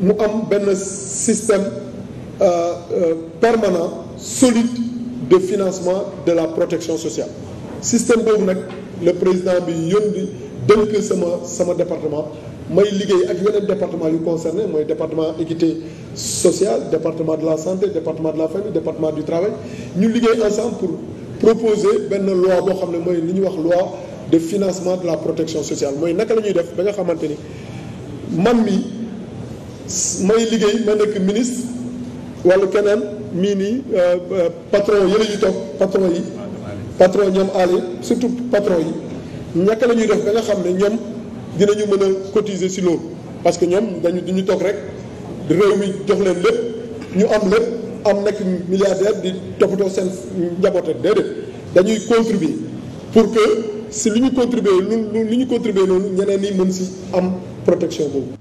mu am benn système euh, euh, permanent solide de financement de la protection sociale système boobu nag le président bi di dënk sama sama département may liggéey ak yeneen département yu concerné mooy département équité sociale département de la santé département de la famille département du travail ñu liggéey ensemble pour proposer benn loi boo xam ne mooy li ñuy wax loi de financement de la protection sociale mooy naka la ñuy def ba nga xamante ni man mi mooy liggéey ma nekk ministre wala keneen mii nii euh, euh, patron yële yu toog patron yi patron ñoom aale surtout patron yi ñàkk la ñuy def ba xam ne ñoom dinañu mën a cotiser si loolu parce que ñoom dañu duñu toog rek réew mi jox leen lépp ñu am lépp am nekk milliardaire di toppatoo seen njaboote rek déedéet dañuy contribuer pour que si li ñu contribuer lu li ñu contribuer loolu ñeneen ñi mën si am protection boobu